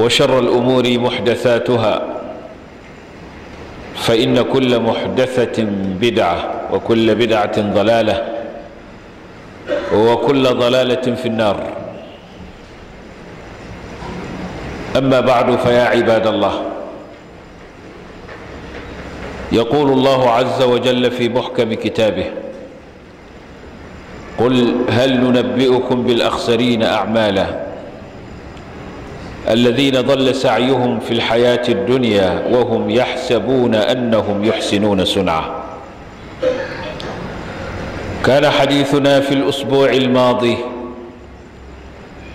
وشر الأمور محدثاتها فإن كل محدثة بدعة وكل بدعة ضلالة وكل ضلالة في النار أما بعد فيا عباد الله يقول الله عز وجل في محكم كتابه قل هل ننبئكم بالأخسرين أعمالا الذين ضل سعيهم في الحياة الدنيا وهم يحسبون أنهم يحسنون صنعة كان حديثنا في الأسبوع الماضي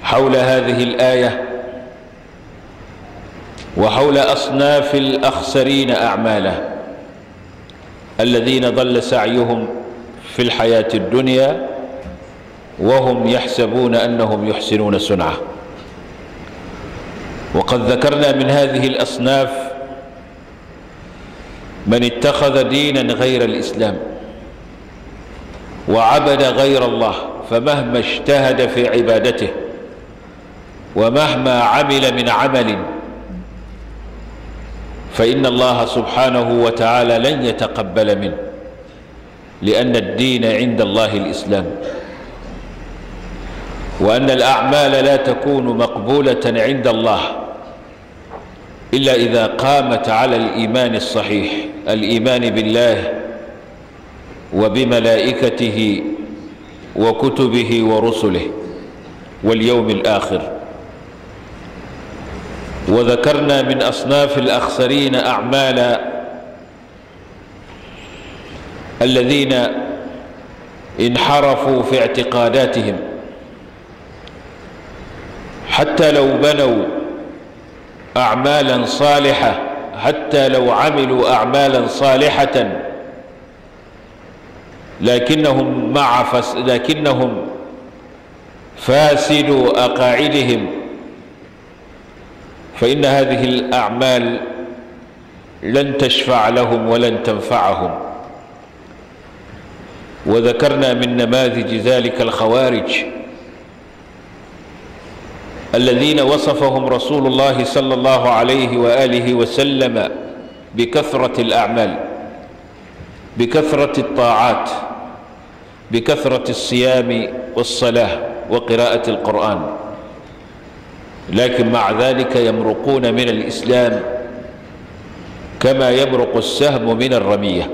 حول هذه الآية وحول أصناف الأخسرين أعماله الذين ضل سعيهم في الحياة الدنيا وهم يحسبون أنهم يحسنون صنعه وقد ذكرنا من هذه الأصناف من اتخذ دينا غير الإسلام وعبد غير الله فمهما اجتهد في عبادته ومهما عمل من عمل فإن الله سبحانه وتعالى لن يتقبل منه لأن الدين عند الله الإسلام وأن الأعمال لا تكون مقبولة عند الله إلا إذا قامت على الإيمان الصحيح الإيمان بالله وبملائكته وكتبه ورسله واليوم الآخر وذكرنا من أصناف الأخسرين أعمال الذين انحرفوا في اعتقاداتهم حتى لو بنوا أعمالا صالحة حتى لو عملوا أعمالا صالحة لكنهم مع فس لكنهم فاسدوا أقاعدهم فإن هذه الأعمال لن تشفع لهم ولن تنفعهم وذكرنا من نماذج ذلك الخوارج الذين وصفهم رسول الله صلى الله عليه واله وسلم بكثره الاعمال بكثره الطاعات بكثره الصيام والصلاه وقراءه القران لكن مع ذلك يمرقون من الاسلام كما يمرق السهم من الرميه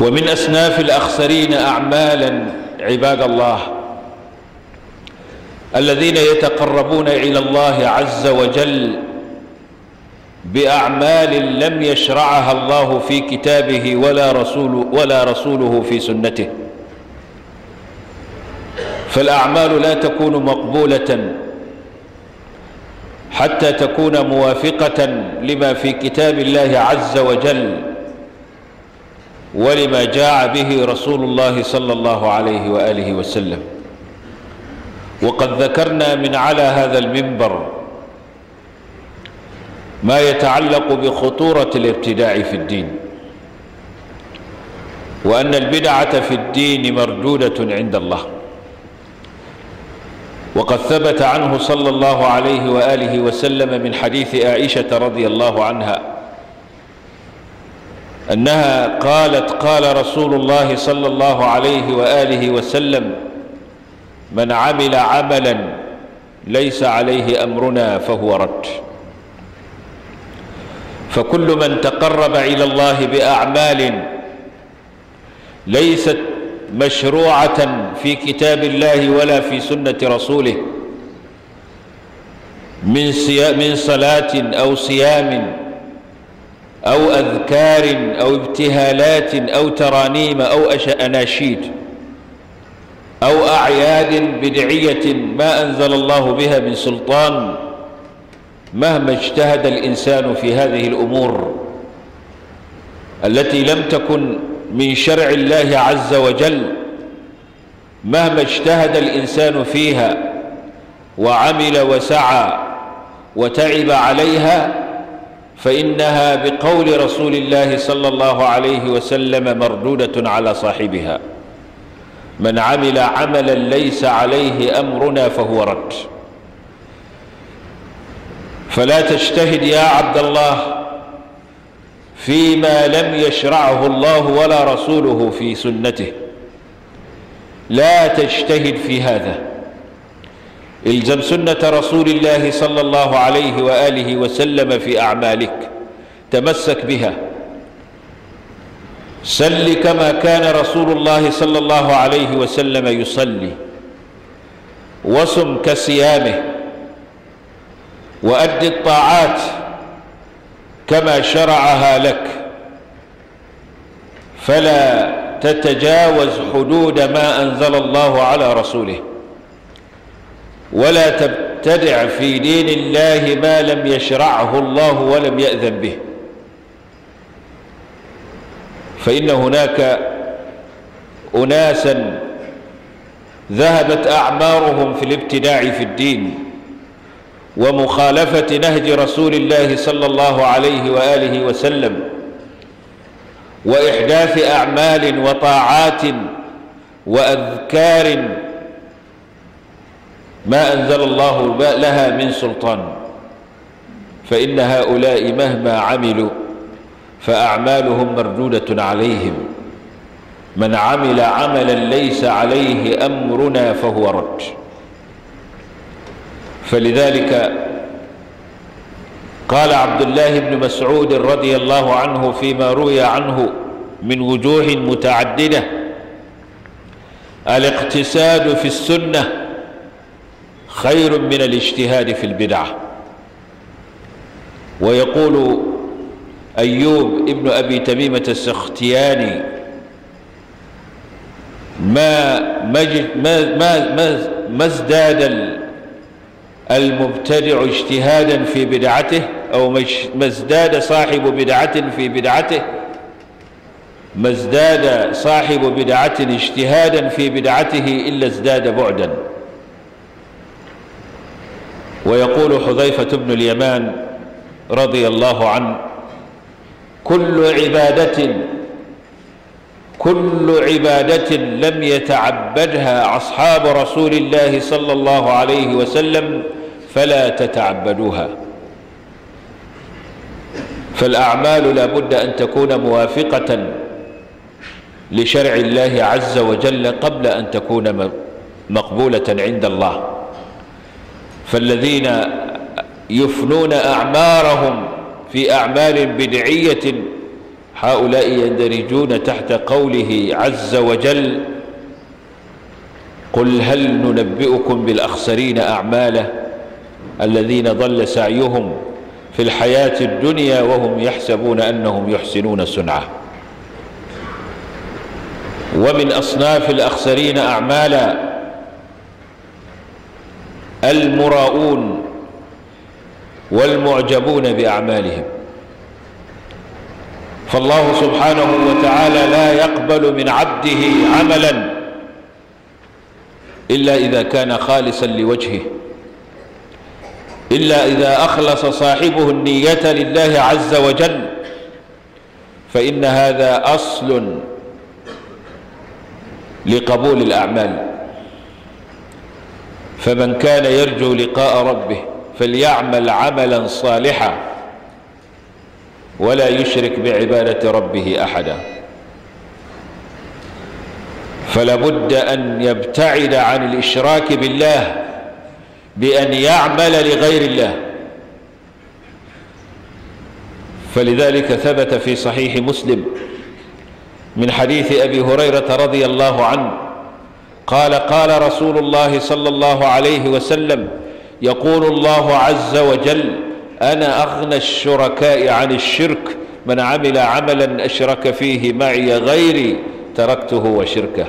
ومن أسناف الأخسرين أعمالا عباد الله الذين يتقربون إلى الله عز وجل بأعمال لم يشرعها الله في كتابه ولا, رسول ولا رسوله في سنته فالأعمال لا تكون مقبولة حتى تكون موافقة لما في كتاب الله عز وجل ولما جاء به رسول الله صلى الله عليه وآله وسلم وقد ذكرنا من على هذا المنبر ما يتعلق بخطورة الابتداع في الدين وأن البدعة في الدين مردودة عند الله وقد ثبت عنه صلى الله عليه وآله وسلم من حديث عائشة رضي الله عنها أنها قالت قال رسول الله صلى الله عليه وآله وسلم من عمل عملا ليس عليه امرنا فهو رد فكل من تقرب الى الله باعمال ليست مشروعه في كتاب الله ولا في سنه رسوله من من صلاه او صيام او اذكار او ابتهالات او ترانيم او اناشيد أو أعياد بدعية ما أنزل الله بها من سلطان مهما اجتهد الإنسان في هذه الأمور التي لم تكن من شرع الله عز وجل مهما اجتهد الإنسان فيها وعمل وسعى وتعب عليها فإنها بقول رسول الله صلى الله عليه وسلم مردودة على صاحبها من عمل عملا ليس عليه أمرنا فهو رد فلا تجتهد يا عبد الله فيما لم يشرعه الله ولا رسوله في سنته لا تجتهد في هذا الزم سنة رسول الله صلى الله عليه وآله وسلم في أعمالك تمسك بها سل كما كان رسول الله صلى الله عليه وسلم يصلي وصم كصيامه وأد الطاعات كما شرعها لك فلا تتجاوز حدود ما أنزل الله على رسوله ولا تبتدع في دين الله ما لم يشرعه الله ولم يأذن به فإن هناك أناسا ذهبت أعمارهم في الابتداع في الدين ومخالفة نهج رسول الله صلى الله عليه وآله وسلم وإحداث أعمال وطاعات وأذكار ما أنزل الله لها من سلطان فإن هؤلاء مهما عملوا فأعمالهم مردودة عليهم من عمل عملا ليس عليه أمرنا فهو رد فلذلك قال عبد الله بن مسعود رضي الله عنه فيما روي عنه من وجوه متعددة الاقتساد في السنة خير من الاجتهاد في البدعة ويقول أيوب ابن أبي تميمة السختياني ما مجد ما ما ما, ما ازداد المبتدع اجتهادا في بدعته أو ما ازداد صاحب بدعة في بدعته ما ازداد صاحب بدعة اجتهادا في بدعته إلا ازداد بعدا ويقول حذيفة بن اليمان رضي الله عنه كل عبادة كل عبادة لم يتعبدها أصحاب رسول الله صلى الله عليه وسلم فلا تتعبدوها فالأعمال لا بد أن تكون موافقة لشرع الله عز وجل قبل أن تكون مقبولة عند الله فالذين يفنون أعمارهم في أعمال بدعية هؤلاء يندرجون تحت قوله عز وجل قل هل ننبئكم بالأخسرين أعماله الذين ضل سعيهم في الحياة الدنيا وهم يحسبون أنهم يحسنون سنعة ومن أصناف الأخسرين أعمالا المراؤون والمعجبون بأعمالهم فالله سبحانه وتعالى لا يقبل من عبده عملا إلا إذا كان خالصا لوجهه إلا إذا أخلص صاحبه النية لله عز وجل فإن هذا أصل لقبول الأعمال فمن كان يرجو لقاء ربه فليعمل عملا صالحا ولا يشرك بعبادة ربه أحدا فلا بد أن يبتعد عن الإشراك بالله بأن يعمل لغير الله فلذلك ثبت في صحيح مسلم من حديث أبي هريرة رضي الله عنه قال قال رسول الله صلى الله عليه وسلم يقول الله عز وجل أنا أغنى الشركاء عن الشرك من عمل عملا أشرك فيه معي غيري تركته وشركه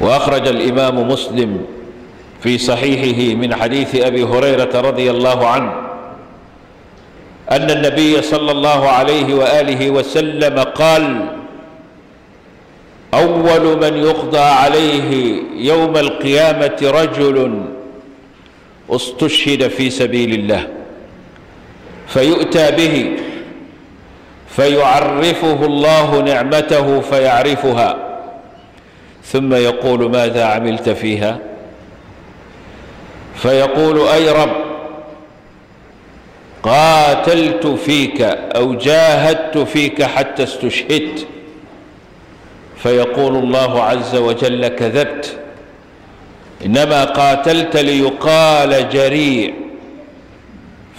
وأخرج الإمام مسلم في صحيحه من حديث أبي هريرة رضي الله عنه أن النبي صلى الله عليه وآله وسلم قال اول من يقضى عليه يوم القيامه رجل استشهد في سبيل الله فيؤتى به فيعرفه الله نعمته فيعرفها ثم يقول ماذا عملت فيها فيقول اي رب قاتلت فيك او جاهدت فيك حتى استشهدت فيقول الله عز وجل كذبت إنما قاتلت ليقال جريء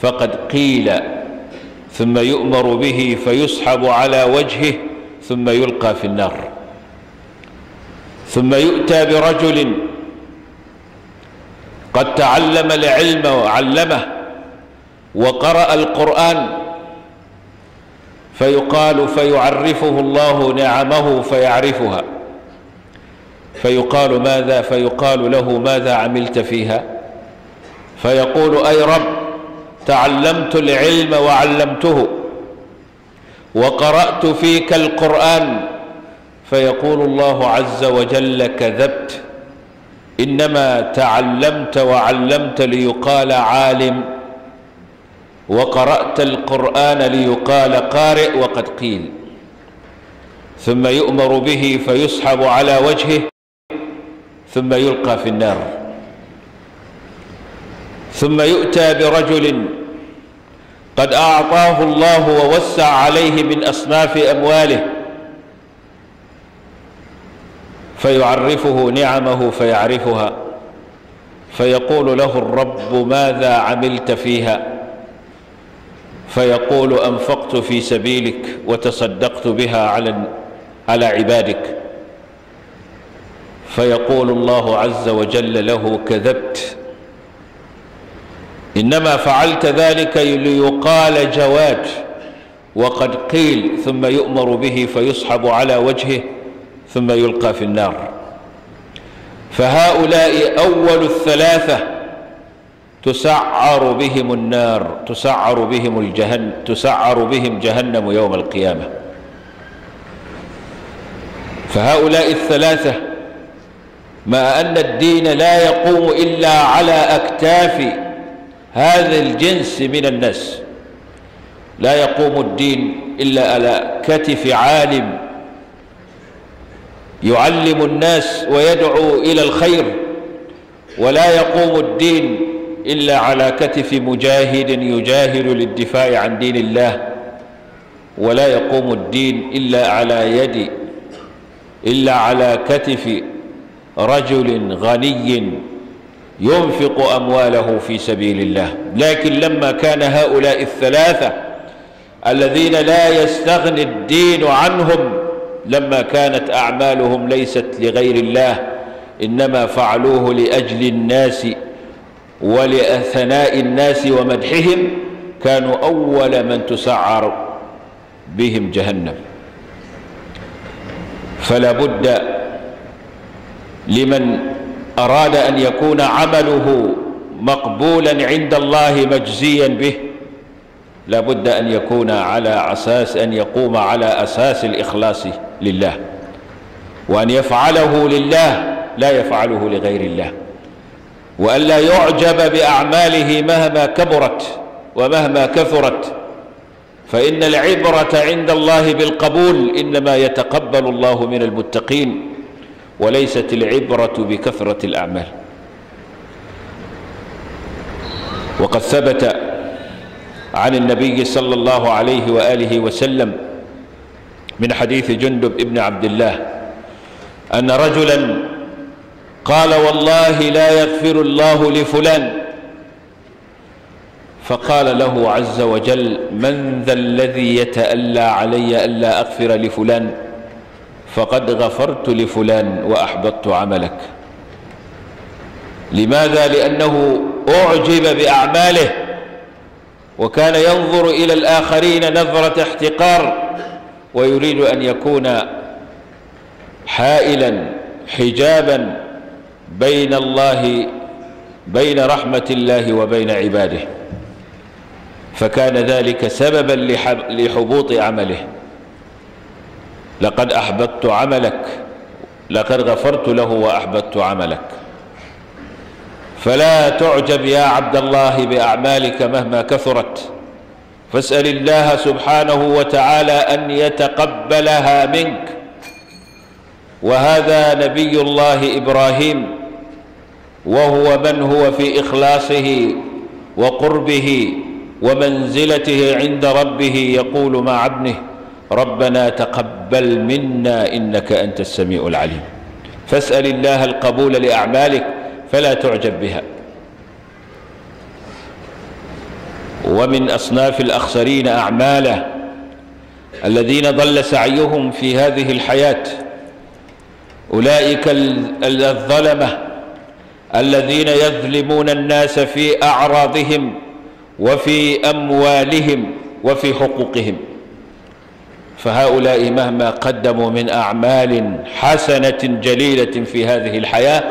فقد قيل ثم يؤمر به فيسحب على وجهه ثم يلقى في النار ثم يؤتى برجل قد تعلم العلم وعلمه وقرأ القرآن فيقال فيعرفه الله نعمه فيعرفها فيقال ماذا فيقال له ماذا عملت فيها فيقول اي رب تعلمت العلم وعلمته وقرات فيك القران فيقول الله عز وجل كذبت انما تعلمت وعلمت ليقال عالم وقرأت القرآن ليقال قارئ وقد قيل ثم يؤمر به فيسحب على وجهه ثم يلقى في النار ثم يؤتى برجل قد أعطاه الله ووسع عليه من أصناف أمواله فيعرفه نعمه فيعرفها فيقول له الرب ماذا عملت فيها؟ فيقول أنفقت في سبيلك وتصدقت بها على على عبادك فيقول الله عز وجل له كذبت إنما فعلت ذلك ليقال جواد وقد قيل ثم يؤمر به فيصحب على وجهه ثم يلقى في النار فهؤلاء أول الثلاثة تسعر بهم النار تسعر بهم الجهن تسعر بهم جهنم يوم القيامة فهؤلاء الثلاثة مع أن الدين لا يقوم إلا على أكتاف هذا الجنس من الناس لا يقوم الدين إلا على كتف عالم يعلم الناس ويدعو إلى الخير ولا يقوم الدين إلا على كتف مجاهد يجاهد للدفاع عن دين الله ولا يقوم الدين إلا على يد إلا على كتف رجل غني ينفق أمواله في سبيل الله لكن لما كان هؤلاء الثلاثة الذين لا يستغني الدين عنهم لما كانت أعمالهم ليست لغير الله إنما فعلوه لأجل الناس ولثناء الناس ومدحهم كانوا أول من تسعر بهم جهنم فلا بد لمن أراد أن يكون عمله مقبولا عند الله مجزيا به لابد أن يكون على أساس أن يقوم على أساس الإخلاص لله وأن يفعله لله لا يفعله لغير الله والا يعجب باعماله مهما كبرت ومهما كثرت فان العبره عند الله بالقبول انما يتقبل الله من المتقين وليست العبره بكثره الاعمال وقد ثبت عن النبي صلى الله عليه واله وسلم من حديث جندب ابن عبد الله ان رجلا قال والله لا يغفر الله لفلان فقال له عز وجل من ذا الذي يتألى علي ألا أغفر لفلان فقد غفرت لفلان وأحبطت عملك لماذا لأنه أعجب بأعماله وكان ينظر إلى الآخرين نظرة احتقار ويريد أن يكون حائلا حجابا بين الله بين رحمة الله وبين عباده فكان ذلك سببا لحبوط عمله لقد أحبطت عملك لقد غفرت له وأحبطت عملك فلا تعجب يا عبد الله بأعمالك مهما كثرت فاسأل الله سبحانه وتعالى أن يتقبلها منك وهذا نبي الله إبراهيم وهو من هو في إخلاصه وقربه ومنزلته عند ربه يقول مع ابنه ربنا تقبل منا إنك أنت السميع العليم فاسأل الله القبول لأعمالك فلا تعجب بها ومن أصناف الأخسرين أعماله الذين ضل سعيهم في هذه الحياة أولئك الظلمة الذين يظلمون الناس في أعراضهم وفي أموالهم وفي حقوقهم فهؤلاء مهما قدموا من أعمال حسنة جليلة في هذه الحياة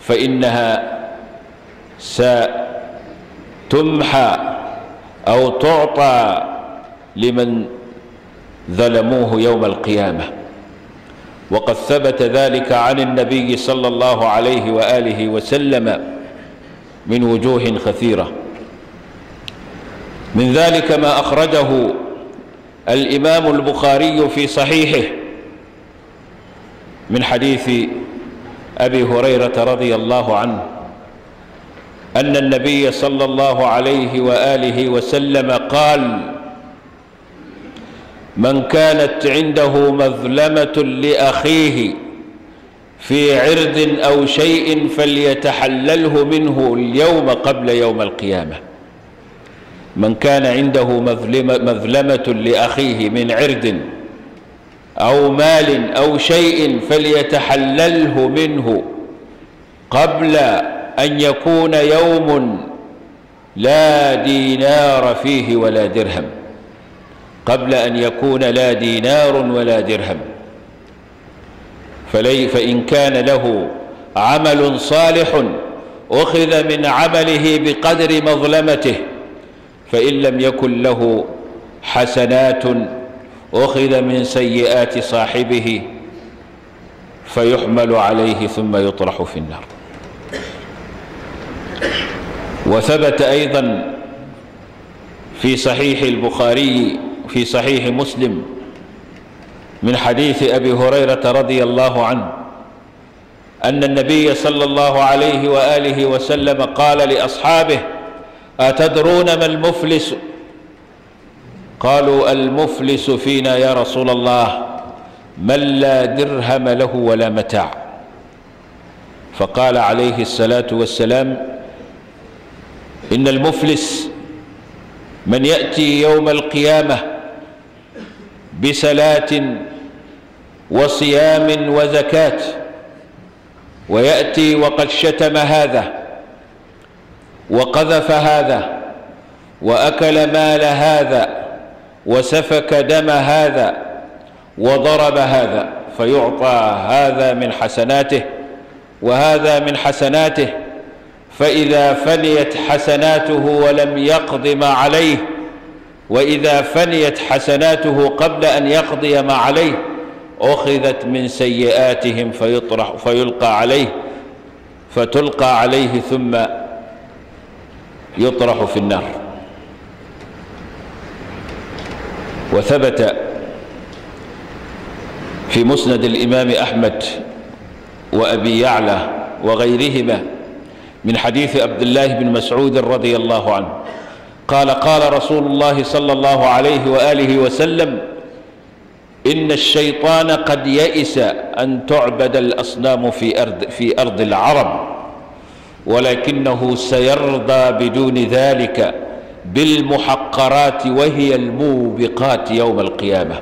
فإنها ستمحى أو تعطى لمن ظلموه يوم القيامة وقد ثبت ذلك عن النبي صلى الله عليه وآله وسلم من وجوه خثيرة من ذلك ما أخرجه الإمام البخاري في صحيحه من حديث أبي هريرة رضي الله عنه أن النبي صلى الله عليه وآله وسلم قال من كانت عنده مظلمة لأخيه في عرض أو شيء فليتحلله منه اليوم قبل يوم القيامة من كان عنده مظلمة, مظلمة لأخيه من عرض أو مال أو شيء فليتحلله منه قبل أن يكون يوم لا دينار فيه ولا درهم قبل أن يكون لا دينار ولا درهم فلي فإن كان له عمل صالح أخذ من عمله بقدر مظلمته فإن لم يكن له حسنات أخذ من سيئات صاحبه فيحمل عليه ثم يطرح في النار وثبت أيضا في صحيح البخاري في صحيح مسلم من حديث أبي هريرة رضي الله عنه أن النبي صلى الله عليه وآله وسلم قال لأصحابه أتدرون ما المفلس قالوا المفلس فينا يا رسول الله من لا درهم له ولا متاع فقال عليه الصلاة والسلام إن المفلس من يأتي يوم القيامة بصلاة وصيام وزكاة ويأتي وقد شتم هذا وقذف هذا وأكل مال هذا وسفك دم هذا وضرب هذا فيعطى هذا من حسناته وهذا من حسناته فإذا فنيت حسناته ولم يقض ما عليه واذا فنيت حسناته قبل ان يقضي ما عليه اخذت من سيئاتهم فيطرح فيلقى عليه فتلقى عليه ثم يطرح في النار وثبت في مسند الامام احمد وابي يعلى وغيرهما من حديث عبد الله بن مسعود رضي الله عنه قال قال رسول الله صلى الله عليه واله وسلم ان الشيطان قد يئس ان تعبد الاصنام في ارض في ارض العرب ولكنه سيرضى بدون ذلك بالمحقرات وهي الموبقات يوم القيامه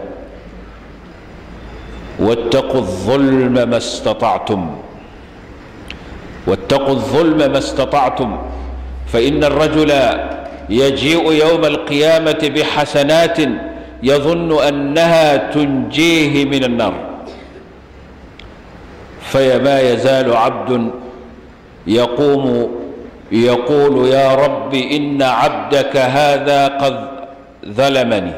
واتقوا الظلم ما استطعتم واتقوا الظلم ما استطعتم فان الرجل يجيء يوم القيامة بحسنات يظن أنها تنجيه من النار فيما يزال عبد يقوم يقول يا رب إن عبدك هذا قد ظلمني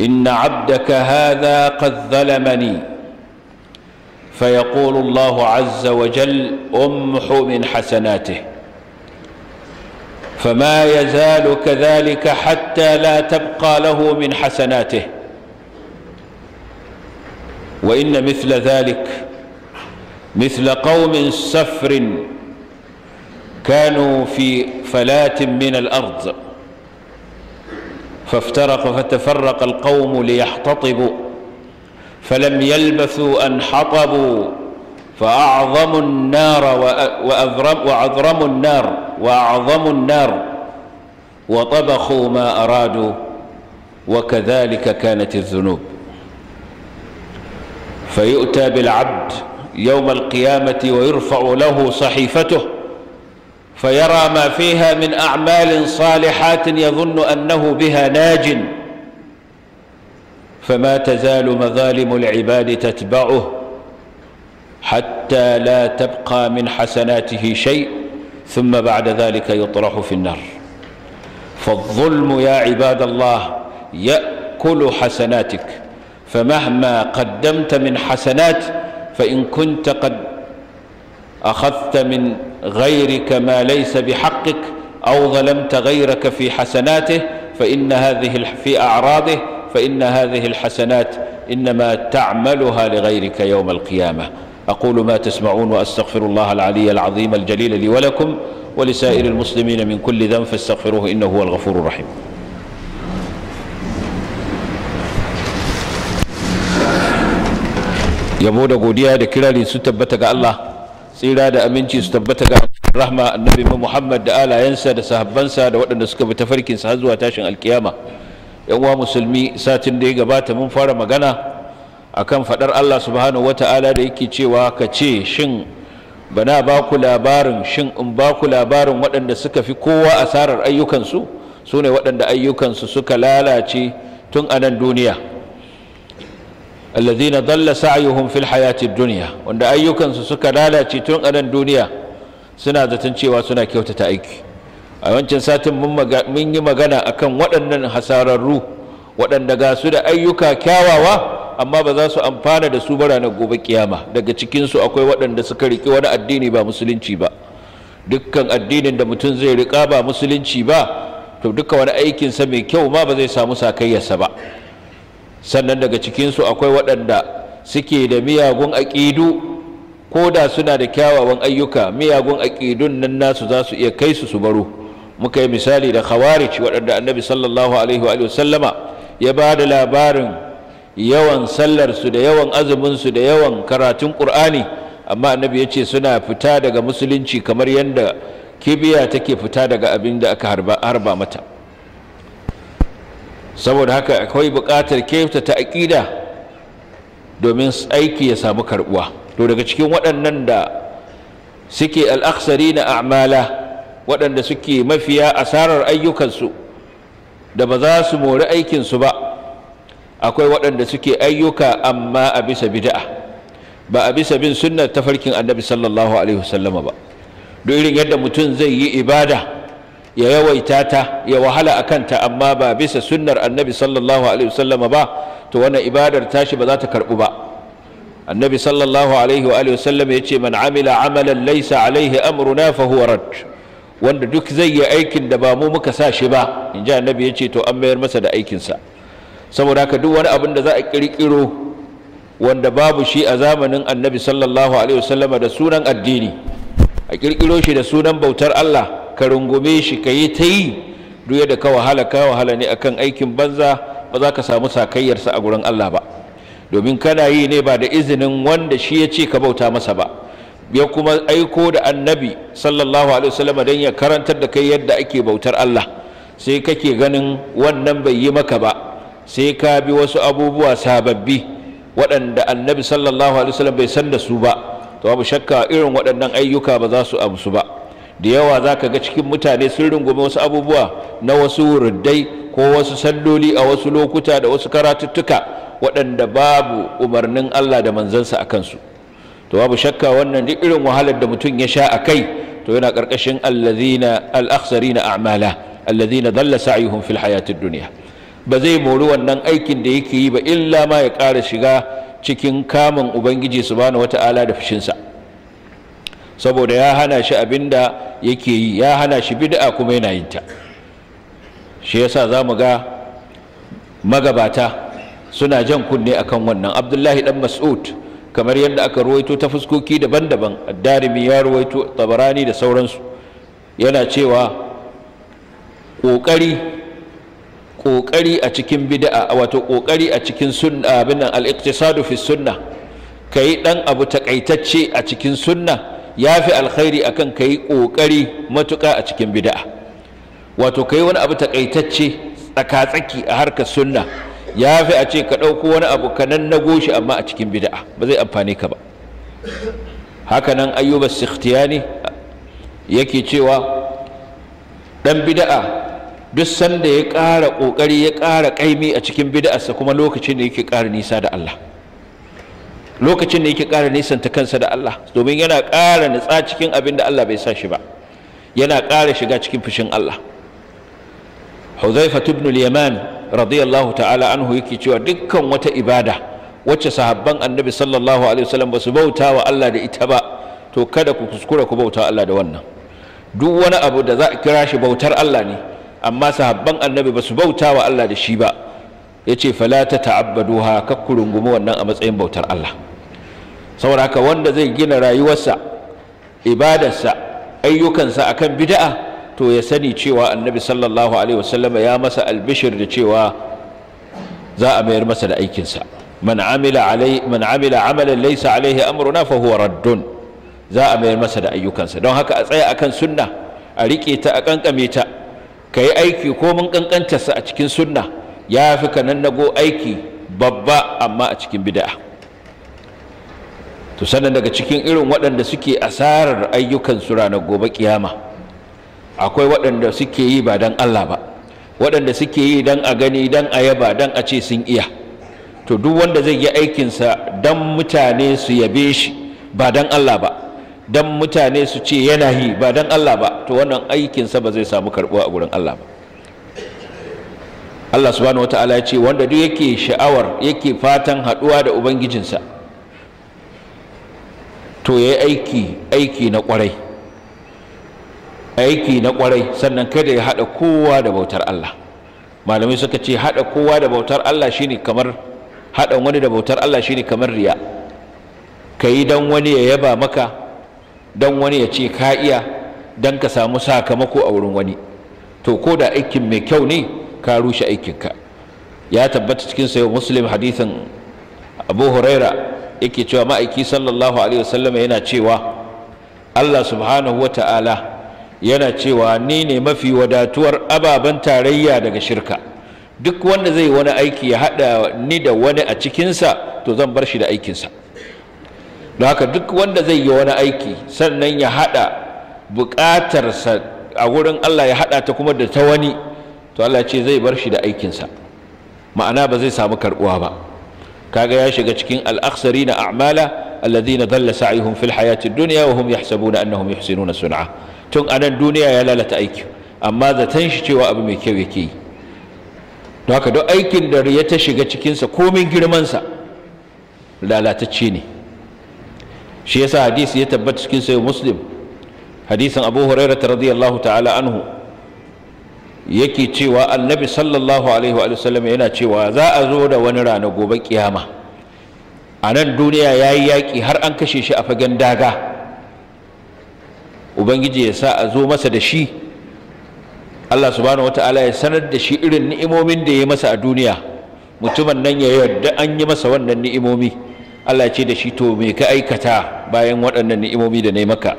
إن عبدك هذا قد ظلمني فيقول الله عز وجل أمح من حسناته فما يزال كذلك حتى لا تبقى له من حسناته وإن مثل ذلك مثل قوم سفر كانوا في فلاة من الأرض فافترق فتفرق القوم ليحتطبوا فلم يلبثوا أن حطبوا فأعظم النار وأذرم وأذرم النار وأعظم النار وطبخوا ما أرادوا وكذلك كانت الذنوب فيؤتى بالعبد يوم القيامة ويرفع له صحيفته فيرى ما فيها من أعمال صالحات يظن أنه بها ناجٍ فما تزال مظالم العباد تتبعه حتى لا تبقى من حسناته شيء ثم بعد ذلك يطرح في النار فالظلم يا عباد الله يأكل حسناتك فمهما قدمت من حسنات فإن كنت قد أخذت من غيرك ما ليس بحقك أو ظلمت غيرك في حسناته فإن هذه في أعراضه فإن هذه الحسنات إنما تعملها لغيرك يوم القيامة أقول ما تسمعون وأستغفر الله العلي العظيم الجليل لي ولكم ولسائر المسلمين من كل ذنب فاستغفروه إنه هو الغفور الرحيم يبو دا قوديا دا كرالي ستبتك الله سيرا دا أمينتي ستبتك رحمة النبي محمد دا آلا ينسى دا سهبانسى دا وقت النسكة بتفريك سهزوا تاشن الكيامة يوم مسلمي ساتن دي قبات من فارة مغانا akan fadar Allah subhanahu wata'ala da yake cewa ka ce shin bana ba ku labarin shin in ba ku labarin waɗanda suka fi kowa asarar ayyukansu su ne waɗanda ayyukansu suka lalace tun a nan duniya allazina dalla sa'yuhum fil hayati dunya wanda ayyukansu suka lalace tun a nan duniya suna zaton cewa suna kyautata aiki a wancan satin mun yi magana akan waɗannan hasararru waɗanda ga su da ayyuka kyawawa amma ba za su amfana da su bara na gobe kiyama daga cikinsu akwai waɗanda suka riƙe wani addini ba musulunci ba dukkan addinin da mutum zai riƙa ba musulunci ba to duka wani aikinsa mai kyau ma ba zai samu sakayyarsa ba sannan daga cikinsu akwai waɗanda suke da miyagun aƙidu ko da suna da kyawawan ayyuka miyagun aƙidun nan nasu za su iya kai su su baro muka yi misali da khawarij waɗanda annabi sallallahu alaihi wa sallama ya ba da labarin yawan sallarsu da yawan azuminsu da yawan karatun ƙur'ani amma annabi ya ce suna fita daga musulunci kamar yadda kibiya take fita daga abin da aka harba mata saboda haka akwai buƙatar kefta ta aƙida domin aiki ya samu karbuwa. to daga cikin waɗannan da suke al'aksari na a'mala waɗanda suke mafiya asarar ayyukansu da ba za su mori aikinsu ba akwai waɗanda suke ayyuka amma a bisa bida'a ba a bisa bin sunnar tafarkin annabi sallallahu alaihi wasallama ba duk irin yadda mutum zai yi ibada ya yawaita ta ya wahala a kanta amma ba bisa sunnar annabi sallallahu alaihi wasallama ba to wannan ibadar tashi ba za ta karɓu ba annabi sallallahu alaihi wa alihi wasallam ya ce man amila amalan laysa alaihi amruna fa huwa rad wanda duk zai yi aikin da ba mu muka sa shi ba in ji annabi ya ce to an mayar masa da aikinsa saboda haka duk wani abin da za a ƙirƙiro wanda babu shi a zamanin annabi sallallahu alaihi wasallama da sunan addini a ƙirƙiro shi da sunan bautar Allah ka rungume shi ka yi ta yi duk da ka wahala ka wahala ne akan aikin banza ba za ka samu sakayyarsa a gurin Allah ba domin kana yi ne ba da izinin wanda shi ya ce ka bauta masa ba ya kuma aiko da annabi sallallahu alaihi wasallam don ya karantar da kai yadda ake bautar Allah sai kake ganin wannan bai yi maka ba sai ka bi wasu abubuwa sababbi waɗanda annabi sallallahu alaihi wasallam bai san da su ba to babu shakka irin waɗannan ayyuka ba za su amsu ba da yawa za ka ga cikin mutane sun rungume wasu abubuwa na wasu wurdai ko wasu salloli a wasu lokuta da wasu karatuttuka waɗanda babu umarnin Allah da manzansa a kansu to babu shakka wannan duk irin wahalar da mutum ya sha a kai to yana ƙarƙashin allazina al a'mala allazina dalla sa'yuhum fil hayatid dunya ba zai mori wannan aikin da yake yi ba illa ma ya ƙara shiga cikin kamun ubangiji su bani wata ala da fushinsa saboda ya hana shi abin da yake yi ya hana shi bid'a kuma yana yin ta shi yasa za mu ga magabata suna jan kunne a kan wannan abdullahi ɗan mas'ud kamar yadda aka ruwaito ta fuskoki daban-daban addarimi ya ruwaito tabarani da sauransu yana cewa ƙoƙari ƙoƙari a cikin bid'a wato ƙoƙari a cikin sunna abin nan al-iqtisadu fi sunna kai dan abu takaitacce a cikin sunna yafi alkhairi akan kai ƙoƙari matuƙa a cikin bid'a wato kai wani abu takaitacce tsakatsaki a harkar sunna yafi a ce ka ɗauko wani abu ka na nago shi amma a cikin bid'a ba zai amfane ka ba haka nan ayyuba sikhtiyani yake cewa dan bid'a duk sanda ya ƙara ƙoƙari ya ƙara ƙaimi a cikin bida'arsa kuma lokacin da yake ƙara nisa da Allah lokacin da yake ƙara ta kansa da Allah domin yana ƙara nitsa cikin abin da Allah bai sa shi ba yana ƙara shiga cikin fushin Allah Huzaifa ibn al-Yaman radiyallahu ta'ala anhu yake cewa dukkan wata ibada wacce sahabban Annabi sallallahu alaihi wasallam ba su bauta wa Allah da ita ba to kada ku kuskura ku bauta Allah da wannan duk wani abu da za a kira shi bautar Allah ne amma sahabban annabi ba su bauta wa Allah da shi ba ya ce fala ta ta'abbaduha kakku gumu wannan a matsayin bautar Allah saboda haka wanda zai gina rayuwarsa ibadarsa ayyukansa akan bid'a to ya sani cewa annabi sallallahu alaihi wasallama ya masa albishir da cewa za a mayar masa da aikinsa man amila alai man amila amalan laysa alaihi amruna fa huwa raddun za a mayar masa da ayyukansa don haka a tsaya akan sunna a rike ta a kankame ta ka yi aiki ko mun ƙanƙantarsa a cikin sunna ya fi ka nannago aiki babba amma a cikin bida'a to sannan daga cikin irin waɗanda suke asarar ayyukansu ranar gobe kiyama akwai waɗanda suke yi ba don Allah ba waɗanda suke yi don a gani don a yaba don a ce sun iya to duk wanda zai yi aikinsa don mutane su yabe shi ba don Allah ba dan mutane su ce yana yi ba dan Allah ba to wannan aikinsa ba zai samu karbuwa a gurin Allah ba Allah subhanahu wata'ala ya ce wanda duk yake sha'awar yake fatan haɗuwa da ubangijinsa to ya yi aiki aiki na kwarai aiki na kwarai sannan kada ya haɗa kowa da bautar Allah malamai suka ce haɗa kowa da bautar Allah shine kamar haɗa wani da bautar Allah shine kamar riya ka yi don wani ya yaba maka don wani ya ce ka iya don ka samu sakamako a wurin wani to ko da aikin mai kyau ne ka rushe aikinka ya tabbata cikin sayo muslim hadisin abu huraira yake cewa ma'aiki sallallahu alaihi wasallam yana cewa allah subhanahu wa ta'ala yana cewa ni ne mafi wadatuwar ababen tarayya daga shirka duk wanda zai wani aiki ya haɗa ni da wani a cikinsa to zan bar shi da aikinsa don haka duk wanda zai yi wani aiki sannan ya haɗa buƙatarsa a wurin Allah ya haɗa ta kuma da ta wani to Allah ce zai bar shi da aikinsa ma'ana ba zai samu karɓuwa ba kaga ya shiga cikin al'aksari na a'mala alladhina dalla sa'ihum fil hayati dunya wa hum yahsabuna annahum yuhsinuna sun'a tun anan duniya ya lalata aiki amma zaton shi cewa abu mai kyau yake yi don haka duk aikin da ya ta shiga cikinsa komin girmansa lalatacce ne shi yasa hadisi ya tabbata cikin sai muslim hadisin abu hurairah radiyallahu ta'ala anhu yake cewa annabi sallallahu alaihi wa sallam yana cewa za a zo da wani rana gobe kiyama a nan duniya ya yi yaƙi har an kashe shi a fagen daga ubangiji ya sa a zo masa da shi allah subhanahu wata'ala ya sanar da shi irin ni'imomin da ya yi masa a duniya mutumin nan ya yarda an yi masa wannan ni'imomi Allah ce da shi to me ka aikata bayan waɗannan ni'imomi da na maka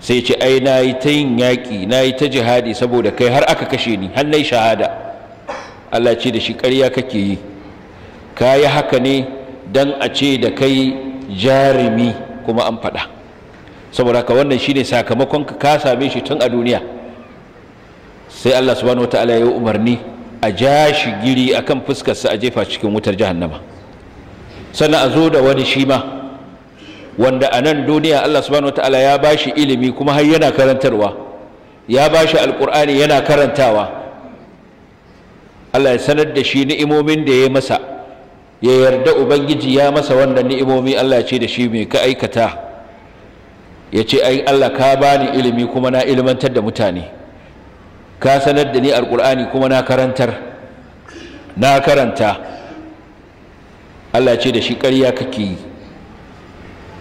sai ce ai na yi ta yin yaƙi na yi ta jihadi saboda kai har aka kashe ni har na shahada Allah ce da shi ƙarya kake yi ka yi haka ne don a ce da kai jarumi kuma an faɗa saboda haka wannan shine sakamakon ka same shi tun a duniya sai Allah subhanahu ta'ala ya yi umarni a ja shi giri akan fuskarsa a jefa cikin wutar jahannama sannan a zo da wani shi ma wanda a nan duniya Allah subhanahu wataala ya bashi ilimi kuma har yana karantarwa ya bashi alqur'ani yana karantawa Allah ya sanar da shi ni'imomin da ya masa ya yarda ubangiji ya masa wannan ni'imomi Allah ya ce da shi mai ka aikata ya ce ai Allah ka bani ilimi kuma na ilmantar da mutane ka sanar da ni alqur'ani kuma na karantar na karanta Allah ce da shi ƙarya kake yi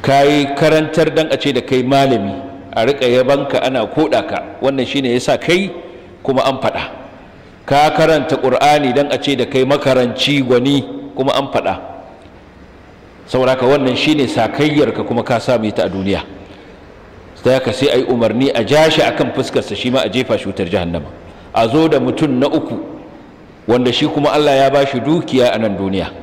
ka yi karantar dan a ce da kai malami a riƙa yabanka ana koɗa ka wannan shine ya sa kai kuma an faɗa ka karanta ƙur'ani dan a ce da kai makaranci gwani kuma an faɗa saboda ka wannan shine sakayyarka kuma ka same ta a duniya sai ka sai ai umarni a jashi akan fuskarsa shi ma a jefa shi wutar jahannama a zo da mutum na uku wanda shi kuma Allah ya ba shi dukiya a nan duniya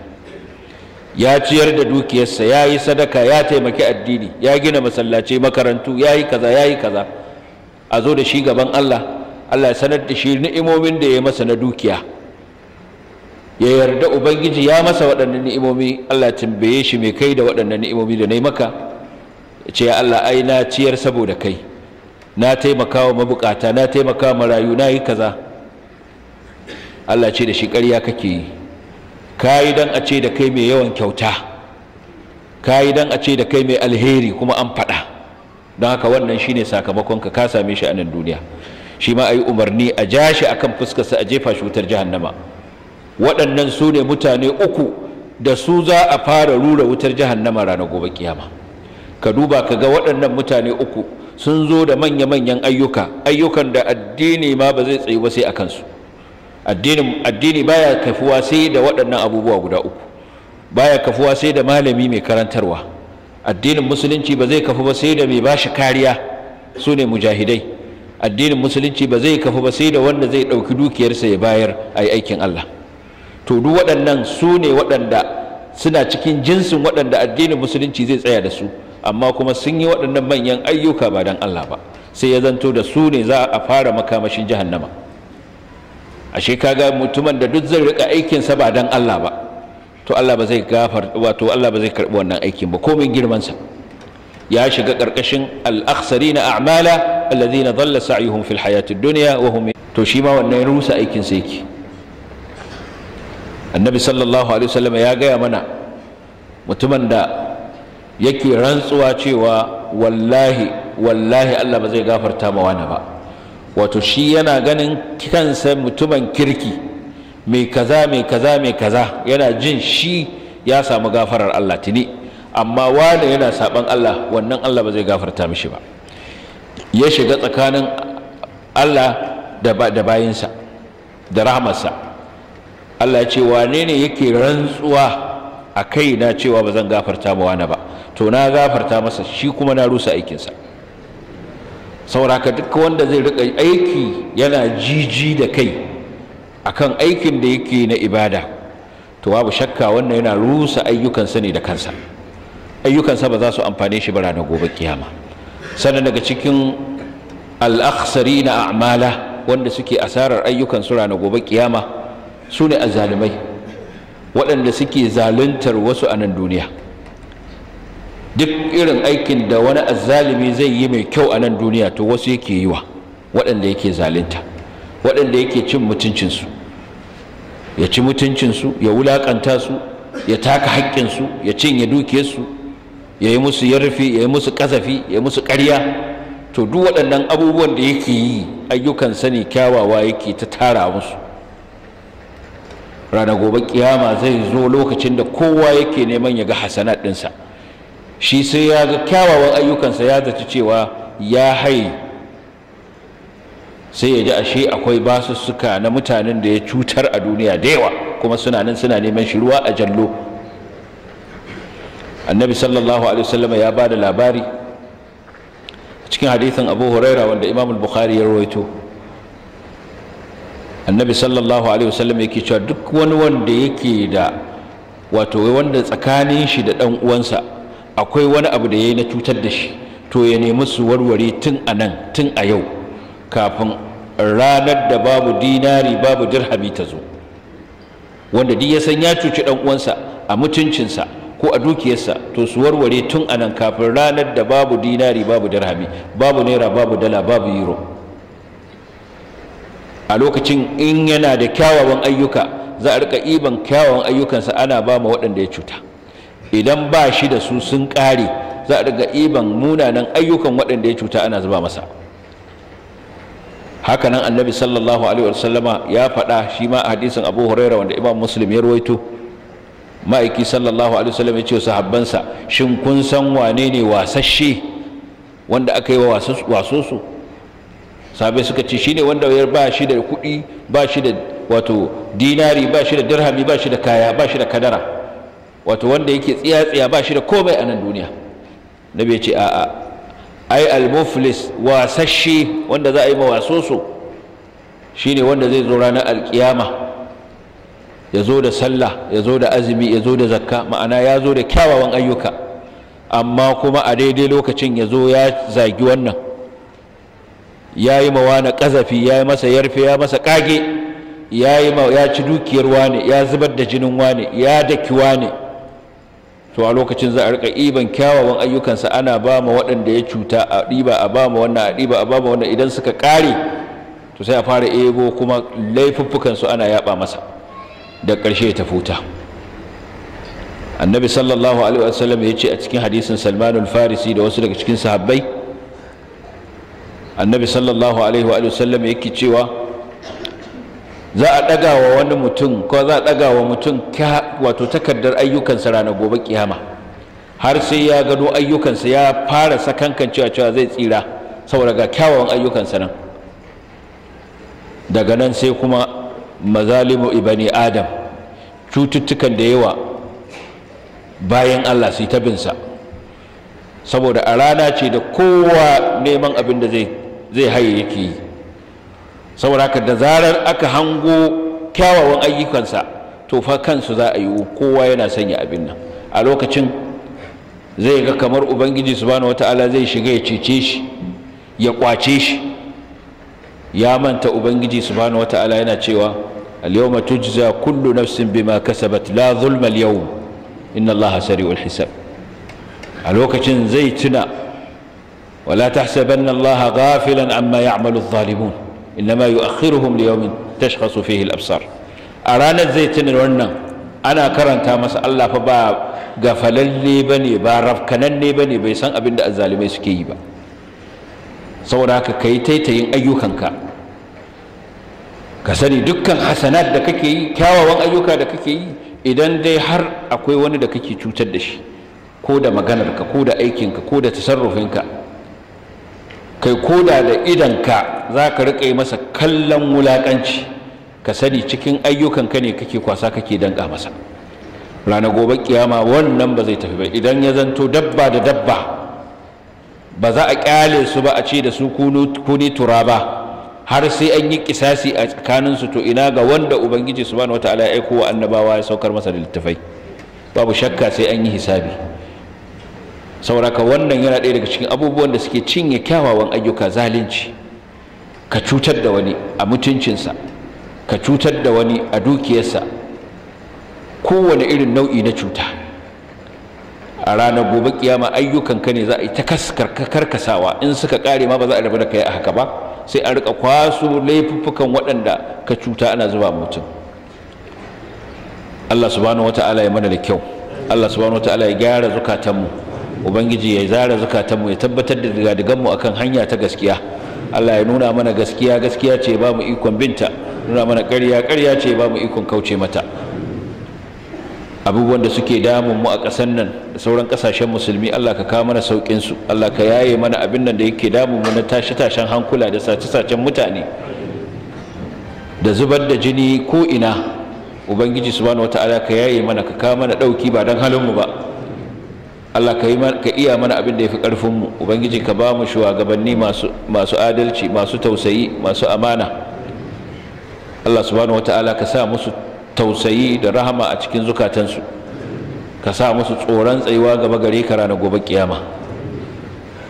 ya ciyar da dukiyarsa ya yi sadaka ya taimaki addini ya gina masallaci makarantu ya yi kaza ya yi kaza a zo da shi gaban Allah Allah ya sanar da shi ni'imomin da ya masa na dukiya ya yarda ubangiji ya masa waɗannan ni'imomi Allah tambaye shi mai kai da waɗannan ni'imomi da na yi maka ya ce ya Allah ai na ciyar saboda kai na taimaka wa mabukata na taimaka wa marayu na yi kaza Allah ce da shi ƙarya kake yi kayi dan a ce da kai mai yawan kyauta ka dan a ce da kai mai alheri kuma an faɗa don haka wannan shine sakamakon ka ka same shi a nan duniya shi ma a umarni a ja shi a kan fuskarsa a jefa shi wutar jahannama waɗannan su ne mutane uku da su za a fara rura wutar jahannama ranar gobe kiyama ka duba ka ga waɗannan mutane uku sun zo da manya-manyan ayyuka ayyukan da addini ma ba zai tsayi ba sai a kansu addini addini baya kafuwa sai da waɗannan abubuwa guda uku baya kafuwa sai da malami mai karantarwa addinin musulunci ba zai kafu ba sai da mai bashi kariya su ne mujahidai addinin musulunci ba zai kafu ba sai da wanda zai ɗauki dukiyarsa ya bayar a yi aikin Allah to duk waɗannan su ne waɗanda suna cikin jinsin waɗanda addinin musulunci zai tsaya da su amma kuma sun yi waɗannan manyan ayyuka ba don Allah ba sai ya zanto da su ne za a fara makamashin jahannama. ashe kaga mutumin da duk zai rika aikin sa ba dan Allah ba to Allah ba zai gafar wato Allah ba zai karbi wannan aikin ba komai girman sa ya shiga karkashin al na a'mala alladhina dhalla sa'yuhum fil hayati dunya wa hum to shi ma wannan rusa aikin sa yake annabi sallallahu alaihi wasallam ya gaya mana mutumin da yake rantsuwa cewa wallahi wallahi Allah ba zai gafarta ma wani ba wato shi yana ganin kansa mutumin kirki mai kaza mai kaza mai kaza yana jin shi ya samu gafarar Allah tuni amma wani yana saban Allah wannan Allah ba zai gafarta mishi ba ya shiga tsakanin Allah da bayinsa da rahamarsa Allah ce wane ne yake rantsuwa a kai na cewa ba zan gafarta ba wani ba to na gafarta masa shi kuma na rusa aikinsa sauraka duk wanda zai rika aiki yana jiji da kai akan aikin da yake na ibada to babu shakka wannan yana rusa ayyukansa ne da kansa ayyukansa ba za su amfane shi ba ranar gobe kiyama sannan daga cikin al'aksari na a'mala wanda suke asarar ayyukan su ranar gobe kiyama su ne azalimai, waɗanda suke zaluntar wasu a nan duniya duk irin aikin da wani azzalimi zai yi mai kyau a nan duniya to wasu yake yi wa waɗanda yake zalunta waɗanda yake cin mutuncinsu ya ci mutuncinsu ya wulaƙanta su ya taka haƙƙinsu ya cinye dukiyarsu ya yi musu yarfi ya yi musu ƙazafi ya yi musu ƙarya to duk waɗannan abubuwan da yake yi ayyukan sani kyawawa yake ta tara musu rana gobe kiyama zai zo lokacin da kowa yake neman ya ga hasanat ɗinsa shi sai ya ga kyawawan ayyukansa ya zaci cewa ya hai sai ya ji ashe akwai basussuka na mutanen da ya cutar a duniya da yawa kuma suna nan suna neman shi ruwa a jallo annabi sallallahu alaihi wasallam ya ba da labari cikin hadithin abu huraira wanda imam bukhari ya rawaito annabi sallallahu alaihi wasallam yake cewa duk wani wanda yake da wato wanda tsakanin shi da dan uwansa akwai wani abu da ya yi na cutar da shi to ya nemi su warware tun a nan tun a yau kafin ranar da babu dinari babu dirhami ta zo wanda duk ya san ya cuci ɗan uwansa a mutuncinsa ko a dukiyarsa to su warware tun a nan kafin ranar da babu dinari babu dirhami babu naira babu dala babu euro a lokacin in yana da kyawawan ayyuka za a rika iban kyawawan ayyukansa ana ba ma waɗanda ya cuta idan ba shi da su sun kare za a daga iban munanan ayyukan waɗanda ya cuta ana zuba masa hakanan annabi sallallahu alaihi wasallama ya faɗa shi ma a hadisin abu huraira wanda imam muslim ya rawaito ma'aiki sallallahu alaihi wasallam ya ce wa sahabbansa shin kun san wane ne wasashe wanda aka yi wa waso su sabai suka ce shine wanda ya ba shi da kuɗi ba shi da wato dinari ba shi da dirhami ba shi da kaya ba shi da kadara wato wanda yake tsiya tsiya ba shi da komai a nan duniya Na bai ce a'a ai al-muflis wasashe wanda za a yi ma wasoso shine wanda zai zo ranar alkiyama ya zo da sallah ya zo da azumi ya zo da zakka ma'ana ya zo da kyawawan ayyuka amma kuma a daidai lokacin ya zo ya zagi wannan ya yi mawa na ƙazafi ya yi masa yarfe ya masa kage ya ci dukiyar wane ya zubar da jinin wani ya daki wane to a lokacin za a rika iban kyawawan ayyukansa ana ba ma waɗanda ya cuta a ɗiba a ba ma wannan a ɗiba a ba ma wannan idan suka ƙare to sai a fara ego, kuma laifuffukansu ana yaɓa masa da ƙarshe ya tafuta annabi sallallahu alaihi wasallam ya ce a cikin hadisin salmanul farisi da wasu daga cikin sahabbai annabi sallallahu alaihi wasallam yake cewa za a ɗaga wa wani mutum ko za a ɗaga wa mutum wato takardar ayyukansa rana gobe kiyama har sai ya gano ayyukansa ya fara sakankan cewa cewa zai tsira saboda ga kyawawan ayyukansa nan daga nan sai kuma mazalimu ibani adam cututtukan da yawa bayan allah su yi tabinsa saboda a rana ce da kowa neman abin da zai haye yake yi saboda haka da zarar aka hango kyawawan ayyukansa to fa kansu za a yi kowa yana sanya abin nan a lokacin zai ga kamar ubangiji subhanahu wata'ala zai shiga ya cece shi ya kwace shi ya manta ubangiji subhanahu wata'ala yana cewa al-yawma tujza kullu nafsin bima kasabat la zulma al-yawm inna allaha sari'ul hisab a lokacin zai tuna wala tahsabanna allaha ghafilan amma ya'malu adh innama yu'akhiruhum li yawmin tashkhasu fihi al-absar a ranar zai tuna wannan ana karanta masa Allah fa ba gafalalle bane ba rafkananne bane bai san abin da azzalimai suke yi ba saboda ka kai taitayin ayyukanka ka sani dukkan Hassanat da kake yi kyawawan ayyuka da kake yi idan dai har akwai wani da kake cutar da shi ko da maganarka ko da aikinka ko da tasarrufinka kai koda da idanka za ka riƙa yi masa kallon wulaƙanci ka sani cikin ka ne kake kwasa kake danƙa masa ranar gobe kiyama wannan ba zai tafi ba idan ya zanto dabba da dabba ba za a ƙyale su ba a ce da su kuni turaba har sai an yi kisasi a tsakanin su to ina ga wanda ubangiji subhanahu wataala ya aiko annabawa ya saukar masa da littafai babu shakka sai an yi hisabi sauraka wannan yana ɗaya daga cikin abubuwan da suke cinye kyawawan ayyuka zalunci ka cutar da wani a mutuncinsa ka cutar da wani a dukiyarsa kowane irin nau'i na cuta a ranar gobe kiyama ayyukan ka ne za a yi ta karkasawa in suka kare ma ba za a rabu da kai a haka ba sai a rika kwaso laifuffukan waɗanda ka cuta ana zuba mutum Allah subhanahu wata'ala ya mana da kyau Allah subhanahu wata'ala ya gyara zukatanmu ubangiji ya zara zukatanmu ya tabbatar da digadiganmu akan hanya ta gaskiya Allah ya nuna mana gaskiya gaskiya ce ba mu ikon binta nuna mana ƙarya ƙarya ce ba mu ikon kauce mata abubuwan da suke damun mu a ƙasar nan da sauran ƙasashen musulmi Allah ka kawo mana saukin su Allah ka yaye mana abin nan da yake damun mu na tashi tashen hankula da sace-sacen mutane da zubar da jini ko ina ubangiji subhanahu wataala ka yaye mana ka kawo mana ɗauki ba don halin mu ba Allah ka iya mana abin da ya fi ƙarfinmu ubangiji ka ba mu shugabanni masu adalci masu tausayi masu amana Allah subhanahu wata'ala ka sa musu tausayi da rahama a cikin zukatansu ka sa musu tsoron tsayuwa gaba gare ka rana gobe kiyama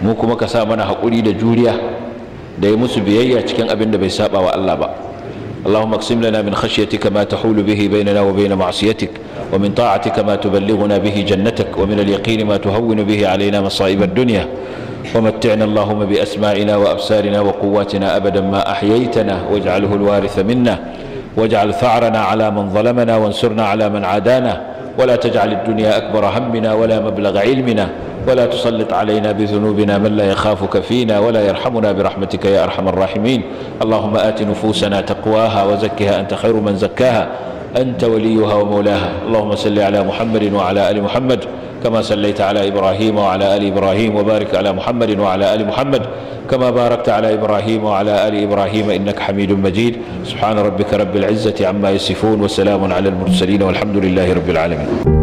mu kuma ka sa mana hakuri da juriya da yi musu biyayya cikin abin da bai saba wa Allah ba اللهم اقسم لنا من خشيتك ما تحول به بيننا وبين معصيتك ومن طاعتك ما تبلغنا به جنتك ومن اليقين ما تهون به علينا مصائب الدنيا ومتعنا اللهم بأسماعنا وأبصارنا وقواتنا أبدا ما أحييتنا واجعله الوارث منا واجعل ثأرنا على من ظلمنا وانصرنا على من عادانا ولا تجعل الدنيا أكبر همنا ولا مبلغ علمنا ولا تسلط علينا بذنوبنا من لا يخافك فينا ولا يرحمنا برحمتك يا أرحم الراحمين اللهم آت نفوسنا تقواها وزكها أنت خير من زكاها أنت وليها ومولاها اللهم صل على محمد وعلى آل محمد كما صليت على إبراهيم وعلى آل إبراهيم وبارك على محمد وعلى آل محمد كما باركت على إبراهيم وعلى آل إبراهيم إنك حميد مجيد سبحان ربك رب العزة عما يصفون وسلام على المرسلين والحمد لله رب العالمين